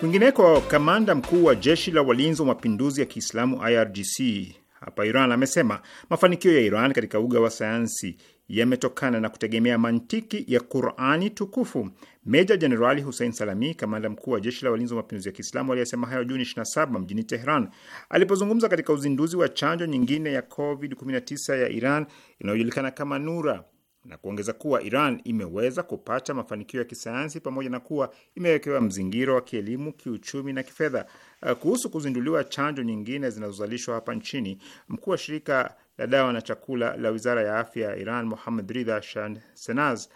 Kwingineko, kamanda mkuu wa jeshi la walinzi wa mapinduzi ya Kiislamu IRGC hapa Iran amesema mafanikio ya Iran katika uga wa sayansi yametokana na kutegemea mantiki ya Qurani tukufu. Meja Jenerali Hussein Salami, kamanda mkuu wa jeshi la walinzi wa mapinduzi ya Kiislamu, aliyesema hayo Juni 27 mjini Tehran alipozungumza katika uzinduzi wa chanjo nyingine ya COVID-19 ya Iran inayojulikana kama Nura na kuongeza kuwa Iran imeweza kupata mafanikio ya kisayansi pamoja na kuwa imewekewa mzingiro wa kielimu, kiuchumi na kifedha. Uh, kuhusu kuzinduliwa chanjo nyingine zinazozalishwa hapa nchini, mkuu wa shirika la dawa na chakula la wizara ya afya ya Iran, Muhammad Ridha Shahsenaz,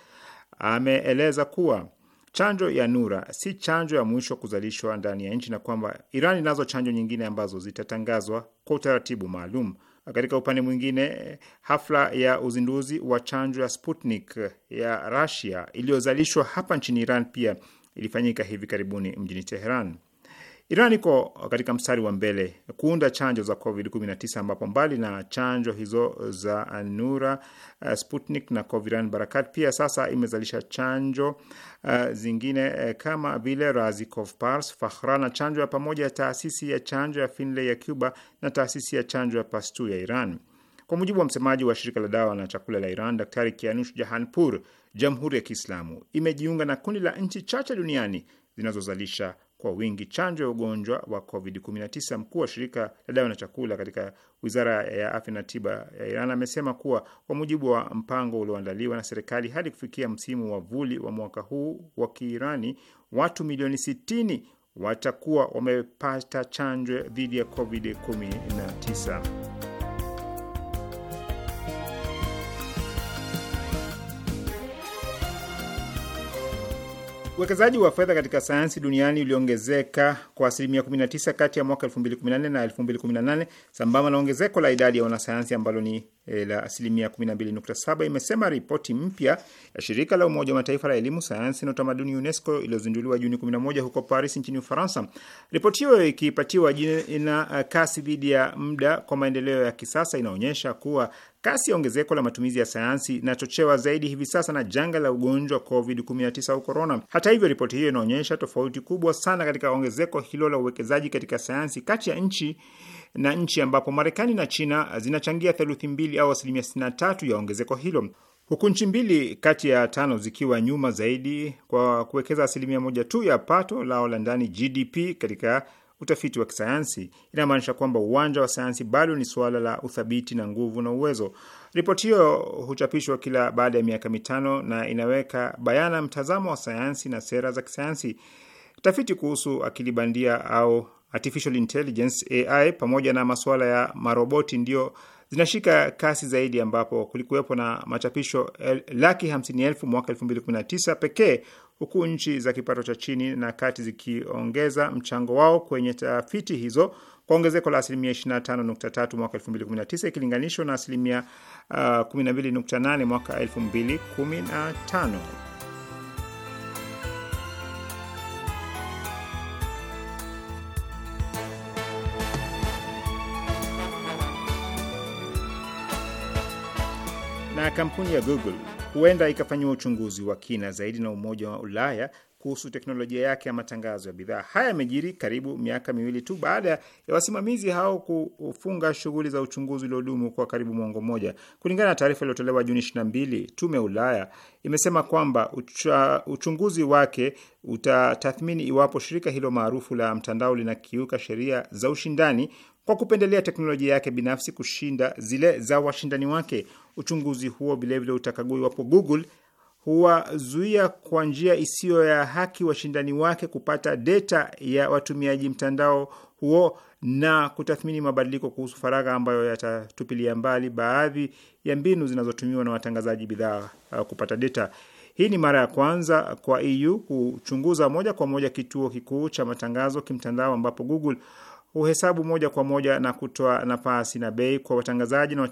ameeleza kuwa chanjo ya Nura si chanjo ya mwisho kuzalishwa ndani ya nchi na kwamba Iran inazo chanjo nyingine ambazo zitatangazwa kwa utaratibu maalum. Katika upande mwingine, hafla ya uzinduzi wa chanjo ya Sputnik ya Russia iliyozalishwa hapa nchini Iran pia ilifanyika hivi karibuni mjini Teheran. Iran iko katika mstari wa mbele kuunda chanjo za COVID-19 ambapo mbali na chanjo hizo za nura eh, Sputnik na Coviran Barakat, pia sasa imezalisha chanjo uh, zingine uh, kama vile Razikov, Pars, Fakhra na chanjo ya pamoja ya taasisi ya chanjo ya Finlay ya Cuba na taasisi ya chanjo ya Pasteur ya Iran. Kwa mujibu wa msemaji wa shirika la dawa na chakula la Iran, Daktari Kianush Jahanpur, Jamhuri ya Kiislamu imejiunga na kundi la nchi chache duniani zinazozalisha kwa wingi chanjo ya ugonjwa wa COVID-19. Mkuu wa shirika la dawa na chakula katika wizara ya afya na tiba ya Iran amesema kuwa kwa mujibu wa mpango ulioandaliwa na serikali, hadi kufikia msimu wa vuli wa mwaka huu wa Kiirani, watu milioni 60 watakuwa wamepata chanjo dhidi ya COVID-19. Uwekezaji wa fedha katika sayansi duniani uliongezeka kwa asilimia 19 kati ya mwaka 2014 na 2018 sambamba na ongezeko la idadi ya wanasayansi ambalo ni Eh, la asilimia 12.7, imesema ripoti mpya ya shirika la Umoja wa Mataifa la elimu, sayansi na utamaduni UNESCO iliyozinduliwa Juni 11 huko Paris nchini Ufaransa. Ripoti hiyo ikipatiwa jina eh, kasi dhidi ya muda kwa maendeleo ya kisasa, inaonyesha kuwa kasi ya ongezeko la matumizi ya sayansi inachochewa zaidi hivi sasa na janga la ugonjwa COVID-19 au corona. Hata hivyo, ripoti hiyo inaonyesha tofauti kubwa sana katika ongezeko hilo la uwekezaji katika sayansi kati ya nchi na nchi ambapo Marekani na China zinachangia theluthi mbili au asilimia tatu ya ongezeko hilo, huku nchi mbili kati ya tano zikiwa nyuma zaidi kwa kuwekeza asilimia moja tu ya pato lao la ndani GDP katika utafiti wa kisayansi. Inamaanisha kwamba uwanja wa sayansi bado ni suala la uthabiti na nguvu na uwezo. Ripoti hiyo huchapishwa kila baada ya miaka mitano na inaweka bayana mtazamo wa sayansi na sera za kisayansi. Tafiti kuhusu akili bandia au artificial intelligence AI pamoja na masuala ya maroboti ndio zinashika kasi zaidi, ambapo kulikuwepo na machapisho laki hamsini elfu mwaka elfu mbili kumi na tisa pekee, huku nchi za kipato cha chini na kati zikiongeza mchango wao kwenye tafiti hizo kwa ongezeko la asilimia 25.3 mwaka 2019 ikilinganishwa na asilimia uh, 12.8 mwaka 2015. na kampuni ya Google huenda ikafanyiwa uchunguzi wa kina zaidi na Umoja wa Ulaya kuhusu teknolojia yake ya matangazo ya bidhaa. Haya yamejiri karibu miaka miwili tu baada ya wasimamizi hao kufunga shughuli za uchunguzi uliodumu kwa karibu mwongo mmoja. Kulingana na taarifa iliyotolewa Juni 22, tume ya Ulaya imesema kwamba ucha, uchunguzi wake utatathmini iwapo shirika hilo maarufu la mtandao linakiuka sheria za ushindani kwa kupendelea teknolojia yake binafsi kushinda zile za washindani wake. Uchunguzi huo vilevile utakagua iwapo Google huwazuia kwa njia isiyo ya haki washindani wake kupata data ya watumiaji mtandao huo na kutathmini mabadiliko kuhusu faragha ambayo yatatupilia mbali baadhi ya mbinu zinazotumiwa na watangazaji bidhaa uh, kupata data. Hii ni mara ya kwanza kwa EU kuchunguza moja kwa moja kituo kikuu cha matangazo kimtandao ambapo Google huhesabu moja kwa moja na kutoa nafasi na bei kwa watangazaji na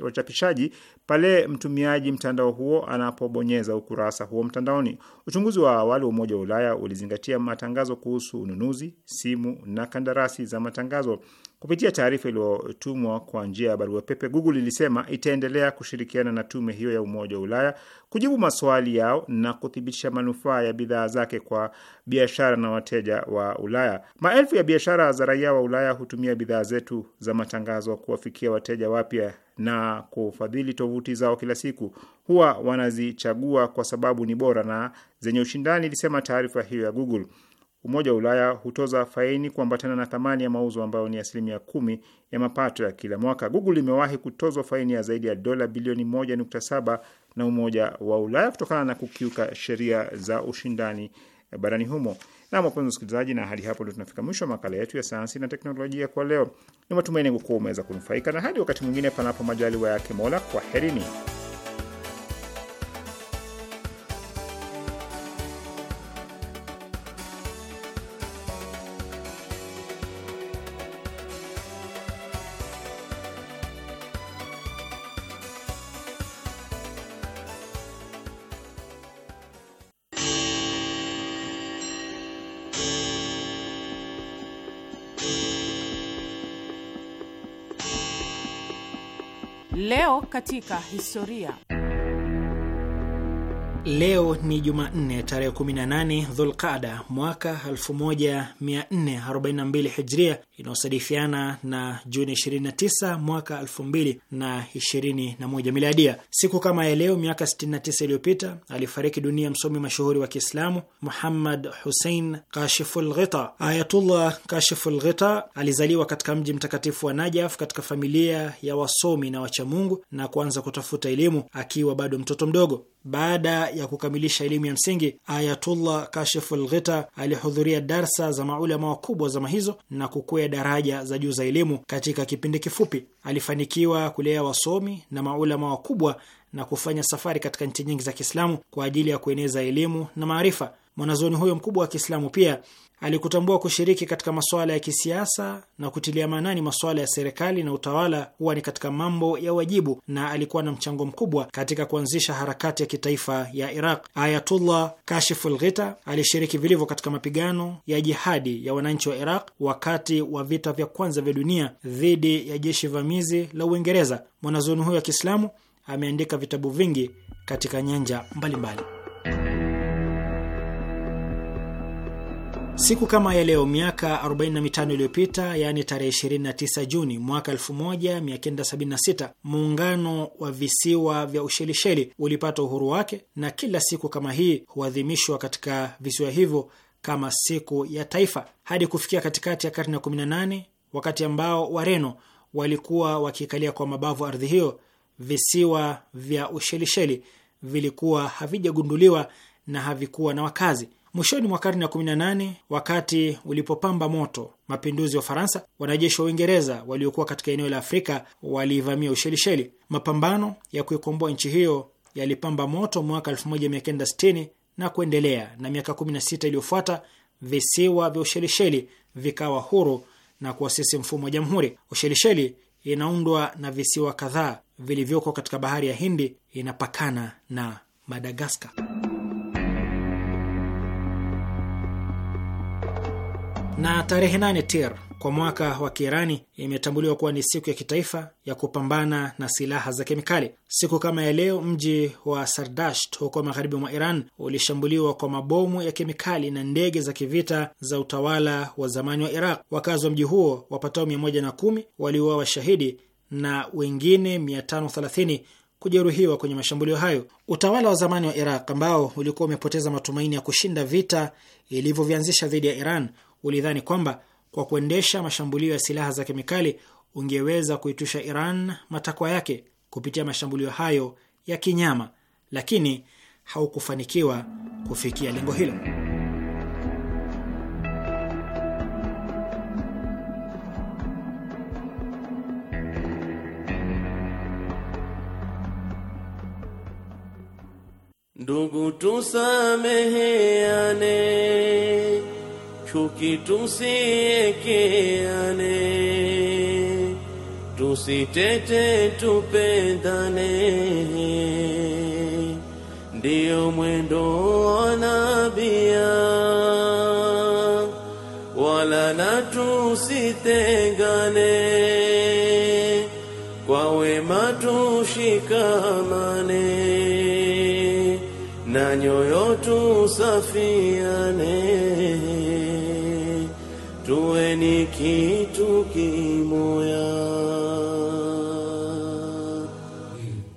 wachapishaji pale mtumiaji mtandao huo anapobonyeza ukurasa huo mtandaoni. Uchunguzi wa awali wa Umoja wa Ulaya ulizingatia matangazo kuhusu ununuzi, simu na kandarasi za matangazo. Kupitia taarifa iliyotumwa kwa njia ya barua pepe, Google ilisema itaendelea kushirikiana na tume hiyo ya Umoja wa Ulaya kujibu maswali yao na kuthibitisha manufaa ya bidhaa zake kwa biashara na wateja wa Ulaya. Maelfu ya biashara za raia wa Ulaya hutumia bidhaa zetu za matangazo kuwafikia wateja wapya na kufadhili tovuti zao kila siku. Huwa wanazichagua kwa sababu ni bora na zenye ushindani, ilisema taarifa hiyo ya Google. Umoja wa Ulaya hutoza faini kuambatana na thamani ya mauzo ambayo ni asilimia kumi ya mapato ya kila mwaka. Google imewahi kutozwa faini ya zaidi ya dola bilioni moja nukta saba na Umoja wa Ulaya kutokana na kukiuka sheria za ushindani barani humo. Na wapenzi wasikilizaji, na hadi hapo ndio tunafika mwisho wa makala yetu ya sayansi na teknolojia kwa leo. Ni matumaini kuwa umeweza kunufaika, na hadi wakati mwingine, panapo majaliwa yake Mola, kwaherini. katika historia. Leo ni Jumanne tarehe 18 Dhulqada mwaka 1442 Hijria, inayosadifiana na Juni 29 mwaka 2021 Miladia. Siku kama ya leo miaka 69 iliyopita alifariki dunia msomi mashuhuri wa Kiislamu Muhammad Hussein Kashiful Ghita. Ayatullah Kashiful Ghita alizaliwa katika mji mtakatifu wa Najaf katika familia ya wasomi na wachamungu na kuanza kutafuta elimu akiwa bado mtoto mdogo. Baada ya kukamilisha elimu ya msingi, Ayatullah Kashiful Ghita alihudhuria darsa za maulama wakubwa zama hizo na kukwea daraja za juu za elimu katika kipindi kifupi. Alifanikiwa kulea wasomi na maulama wakubwa na kufanya safari katika nchi nyingi za Kiislamu kwa ajili ya kueneza elimu na maarifa. Mwanazuoni huyo mkubwa wa Kiislamu pia alikutambua kushiriki katika masuala ya kisiasa na kutilia maanani masuala ya serikali na utawala huwa ni katika mambo ya wajibu, na alikuwa na mchango mkubwa katika kuanzisha harakati ya kitaifa ya Iraq. Ayatullah Kashiful Ghita alishiriki vilivyo katika mapigano ya jihadi ya wananchi wa Iraq wakati wa vita vya kwanza vya dunia dhidi ya jeshi vamizi la Uingereza. Mwanazuoni huyo wa Kiislamu ameandika vitabu vingi katika nyanja mbalimbali mbali. Siku kama ya leo miaka 45 iliyopita, yaani tarehe 29 Juni mwaka 1976, muungano wa visiwa vya Ushelisheli ulipata uhuru wake, na kila siku kama hii huadhimishwa katika visiwa hivyo kama siku ya taifa hadi kufikia katikati ya karne ya 18, wakati ambao Wareno walikuwa wakikalia kwa mabavu ardhi hiyo. Visiwa vya Ushelisheli vilikuwa havijagunduliwa na havikuwa na wakazi. Mwishoni mwa karne ya 18 wakati ulipopamba moto mapinduzi ya Ufaransa, wanajeshi wa Uingereza waliokuwa katika eneo la Afrika waliivamia Ushelisheli. Mapambano ya kuikomboa nchi hiyo yalipamba moto mwaka 1960 na kuendelea, na miaka 16 iliyofuata visiwa vya Ushelisheli vikawa huru na kuasisi mfumo wa jamhuri. Ushelisheli inaundwa na visiwa kadhaa vilivyoko katika bahari ya Hindi, inapakana na Madagaskar. Na tarehe nane Tir kwa mwaka wa Kiirani imetambuliwa kuwa ni siku ya kitaifa ya kupambana na silaha za kemikali. Siku kama ya leo, mji wa Sardasht huko magharibi mwa Iran ulishambuliwa kwa mabomu ya kemikali na ndege za kivita za utawala wa zamani wa Iraq. Wakazi wa mji huo wapatao 110 waliuawa washahidi na wengine 530 kujeruhiwa kwenye mashambulio hayo. Utawala wa zamani wa Iraq ambao ulikuwa umepoteza matumaini ya kushinda vita ilivyovianzisha dhidi ya Iran ulidhani kwamba kwa kuendesha mashambulio ya silaha za kemikali ungeweza kuitusha Iran matakwa yake kupitia mashambulio hayo ya kinyama, lakini haukufanikiwa kufikia lengo hilo. Ndugu, tusameheane chuki tusiekeane, tusitete, tupendane, ndiyo mwendo wa nabia, wala na tusitengane, kwa wema tushikamane, na nyoyo tusafiane tuweni kitu kimoya,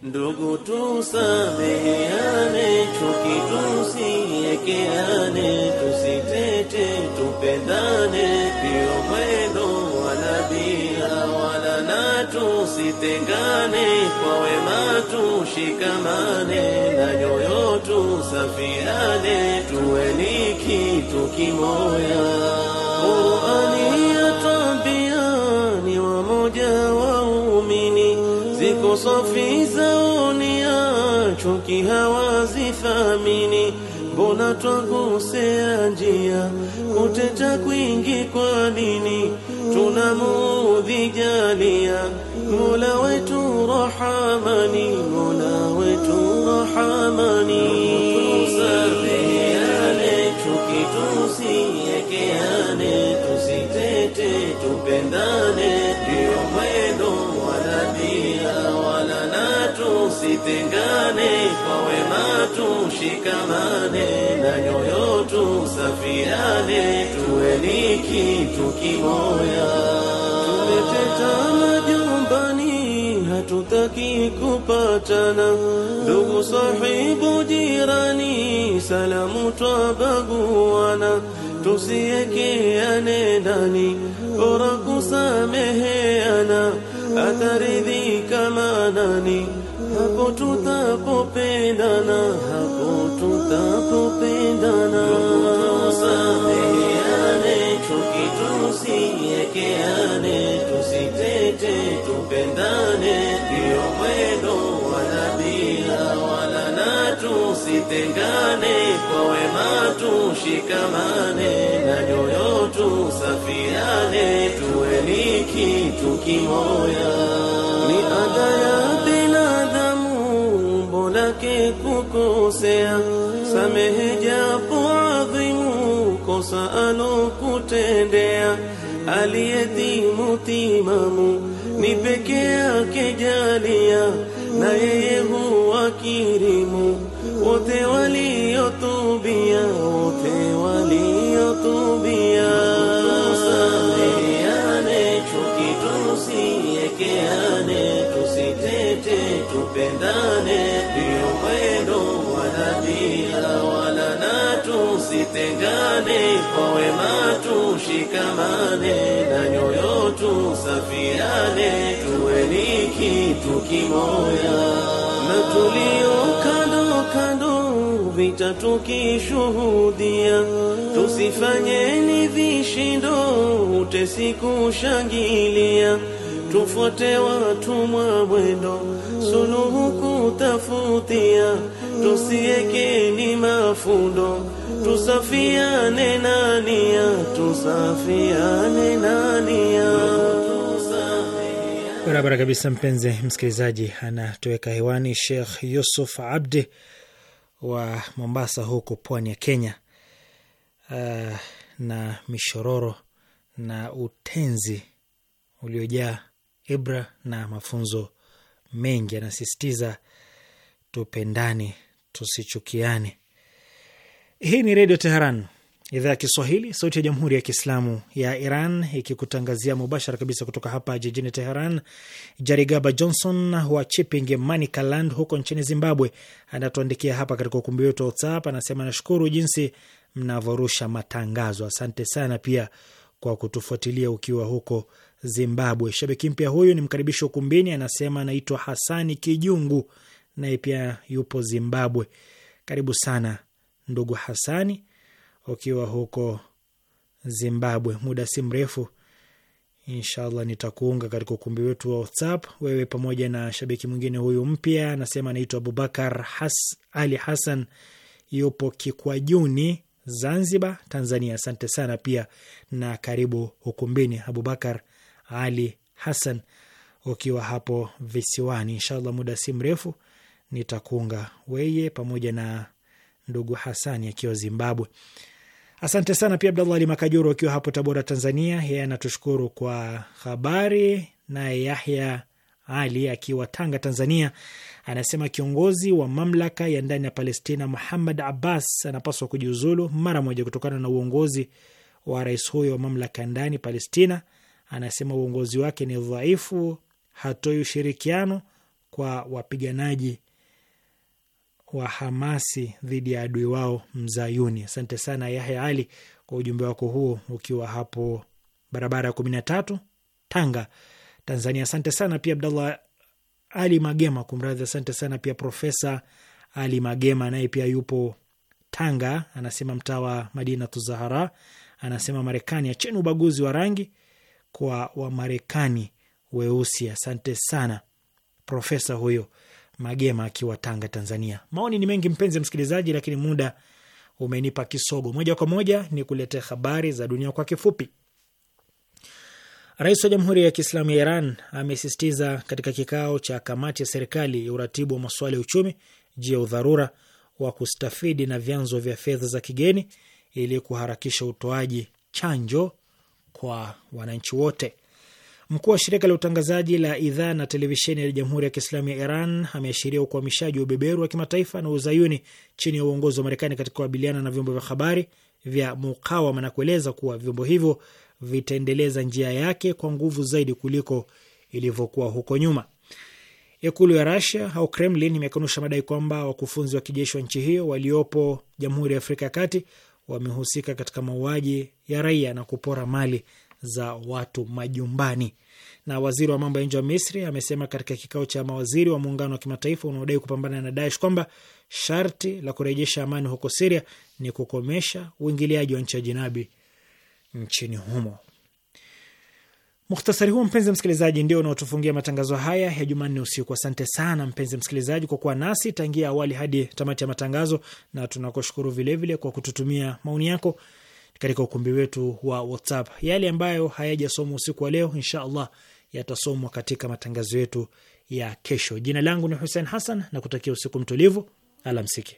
ndugu, tusameheane chuki, tusiekeane, tusitete, tupendane, pio mwendo wala bia wala na, tusitengane, kwa wema tushikamane, na nyoyo tusafiane, tuweni kitu kimoya. umoja waumini, ziko safi zaonia, chuki hawazithamini. Mbona twakosea njia, kuteta kwingi kwa nini? tunamudhijalia Mola wetu rahamani, Mola wetu rahamani, tusameheane, chuki tusiekeane, tusi tupendane, ndio mwendo wa tabia, wala na tusitengane, kwa wema tushikamane, na nyoyo tusafiane, tuwe ni kitu kimoya. Tumetetana jumbani, hatutaki kupatana, ndugu sahibu jirani, salamu twabaguana, tusiekeane ndani bora kusameheana, ataridhika manani hapo tutapopendana, hapo tutapopendana. Tusameheane, chuki tusiekeane, tusitete, tupendane, ndio mwendo tusitengane, kwa wema tushikamane, na nyoyo tusafiane, tuwe ni kitu kimoya. Ni ada ya binadhamu mbolake kukosea, samehe japo adhimu, kosa alokutendea aliyetimu timamu ni peke yake jalia, na yeye huwa kirimu wote waliotubia, wote waliotubia, tusameheane, chuki tusiekeane, tusitete, tupendane, ndiyo mwendo wa Nabia, wala na tusitengane, kwa wema tushikamane, na nyoyo tusafiane, tuweni kitu kimoya na tulio vita tukishuhudia, tusifanyeni vishindo, utesi kushangilia, tufuate watumwa mwendo, suluhu kutafutia, tusiekeni mafundo, tusafiane nania, tusafiane nania Barabara kabisa, mpenzi msikilizaji, anatoweka hewani Sheikh Yusuf Abdi wa Mombasa huko pwani ya Kenya uh, na mishororo na utenzi uliojaa ibra na mafunzo mengi. Anasisitiza tupendani tusichukiane. Hii ni Redio Teheran, idhaa ya Kiswahili, sauti ya jamhuri ya kiislamu ya Iran ikikutangazia mubashara kabisa kutoka hapa jijini Teheran. Jarigaba Johnson wa Chipinge, Manicaland huko nchini Zimbabwe anatuandikia hapa katika ukumbi wetu wa WhatsApp. Anasema nashukuru jinsi mnavyorusha matangazo, asante sana pia kwa kutufuatilia ukiwa huko Zimbabwe. Shabiki mpya huyu ni mkaribisha ukumbini, anasema anaitwa Hasani Kijungu, naye pia yupo Zimbabwe. Karibu sana ndugu Hasani ukiwa huko Zimbabwe. Muda si mrefu, inshallah nitakuunga katika ukumbi wetu wa WhatsApp, wewe pamoja na shabiki mwingine huyu mpya, anasema anaitwa Abubakar Has, Ali Hassan, yupo Kikwajuni, Zanzibar, Tanzania. Asante sana pia na karibu ukumbini, Abubakar Ali Hassan, ukiwa hapo visiwani. Inshallah muda si mrefu nitakuunga weye pamoja na ndugu Hasani akiwa Zimbabwe. Asante sana pia Abdallah Ali Makajuru akiwa hapo Tabora, Tanzania. Yeye anatushukuru kwa habari. Naye Yahya Ali akiwa Tanga, Tanzania, anasema kiongozi wa mamlaka ya ndani ya Palestina Muhammad Abbas anapaswa kujiuzulu mara moja kutokana na uongozi wa rais huyo wa mamlaka ya ndani Palestina. Anasema uongozi wake ni dhaifu, hatoi ushirikiano kwa wapiganaji wa Hamasi dhidi ya adui wao mzayuni. Asante sana Yahya Ali kwa ujumbe wako huo, ukiwa hapo barabara ya kumi na tatu Tanga, Tanzania. Asante sana pia Abdallah Ali Magema, kumradhi. Asante sana pia Profesa Ali Magema, naye pia yupo Tanga, anasema mtaa wa Madina Tuzahara, anasema Marekani acheni ubaguzi wa rangi kwa Wamarekani weusi. Asante sana profesa huyo. Magema akiwa Tanga, Tanzania. Maoni ni mengi mpenzi msikilizaji, lakini muda umenipa kisogo. Moja kwa moja ni kuletea habari za dunia kwa kifupi. Rais wa Jamhuri ya Kiislamu ya Iran amesisitiza katika kikao cha kamati ya serikali ya uratibu wa masuala ya uchumi juu ya udharura wa kustafidi na vyanzo vya fedha za kigeni ili kuharakisha utoaji chanjo kwa wananchi wote. Mkuu wa shirika la utangazaji la idhaa na televisheni ya Jamhuri ya Kiislamu ya Iran ameashiria ukwamishaji wa ubeberu wa kimataifa na uzayuni chini ya uongozi wa Marekani katika kukabiliana na vyombo vya habari vya mukawama na kueleza kuwa vyombo hivyo vitaendeleza njia yake kwa nguvu zaidi kuliko ilivyokuwa huko nyuma. Ikulu ya Russia au Kremlin imekanusha madai kwamba wakufunzi wa kijeshi wa nchi hiyo waliopo Jamhuri ya Afrika ya Kati wamehusika katika mauaji ya raia na kupora mali za watu majumbani. Na waziri wa mambo ya nje wa Misri amesema katika kikao cha mawaziri wa muungano wa kimataifa unaodai kupambana na Daesh kwamba sharti la kurejesha amani huko Siria ni kukomesha uingiliaji wa nchi ya jinabi nchini humo. Muhtasari huo mpenzi msikilizaji, ndio unaotufungia matangazo haya ya Jumanne usiku. Asante sana mpenzi msikilizaji kwa kuwa nasi tangia awali hadi tamati ya matangazo, na tunakushukuru vilevile kwa kututumia maoni yako katika ukumbi wetu wa WhatsApp. Yale ambayo hayajasomwa usiku wa leo, insha Allah yatasomwa katika matangazo yetu ya kesho. Jina langu ni Hussein Hassan na kutakia usiku mtulivu. Alamsiki.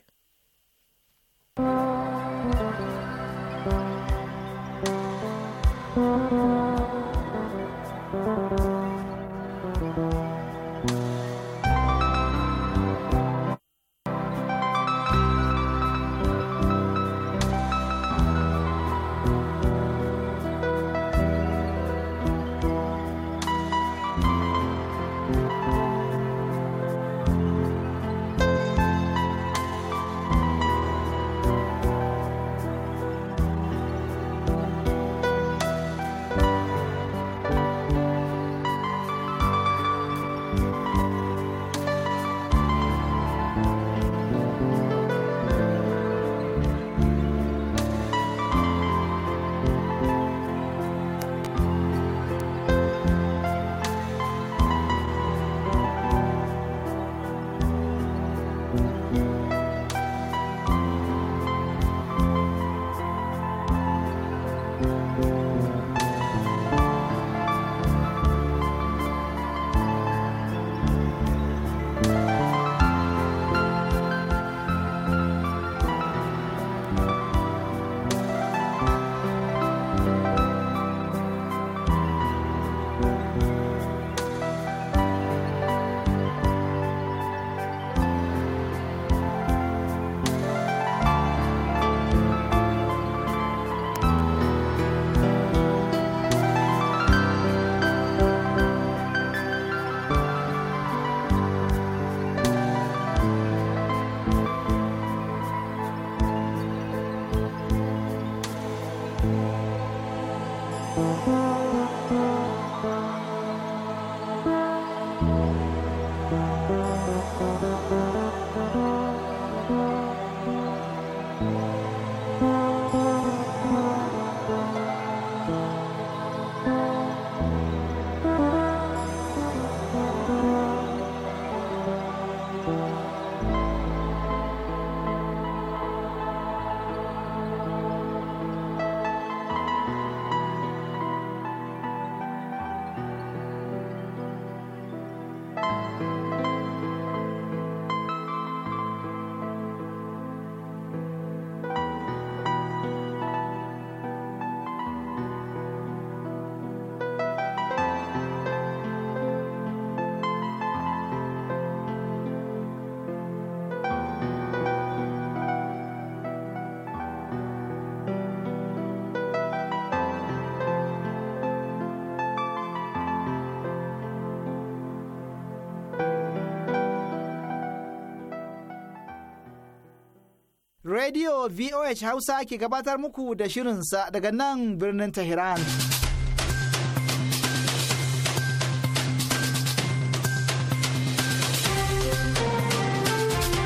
radio VOH hausa ke gabatar muku da shirinsa daga nan birnin tehran.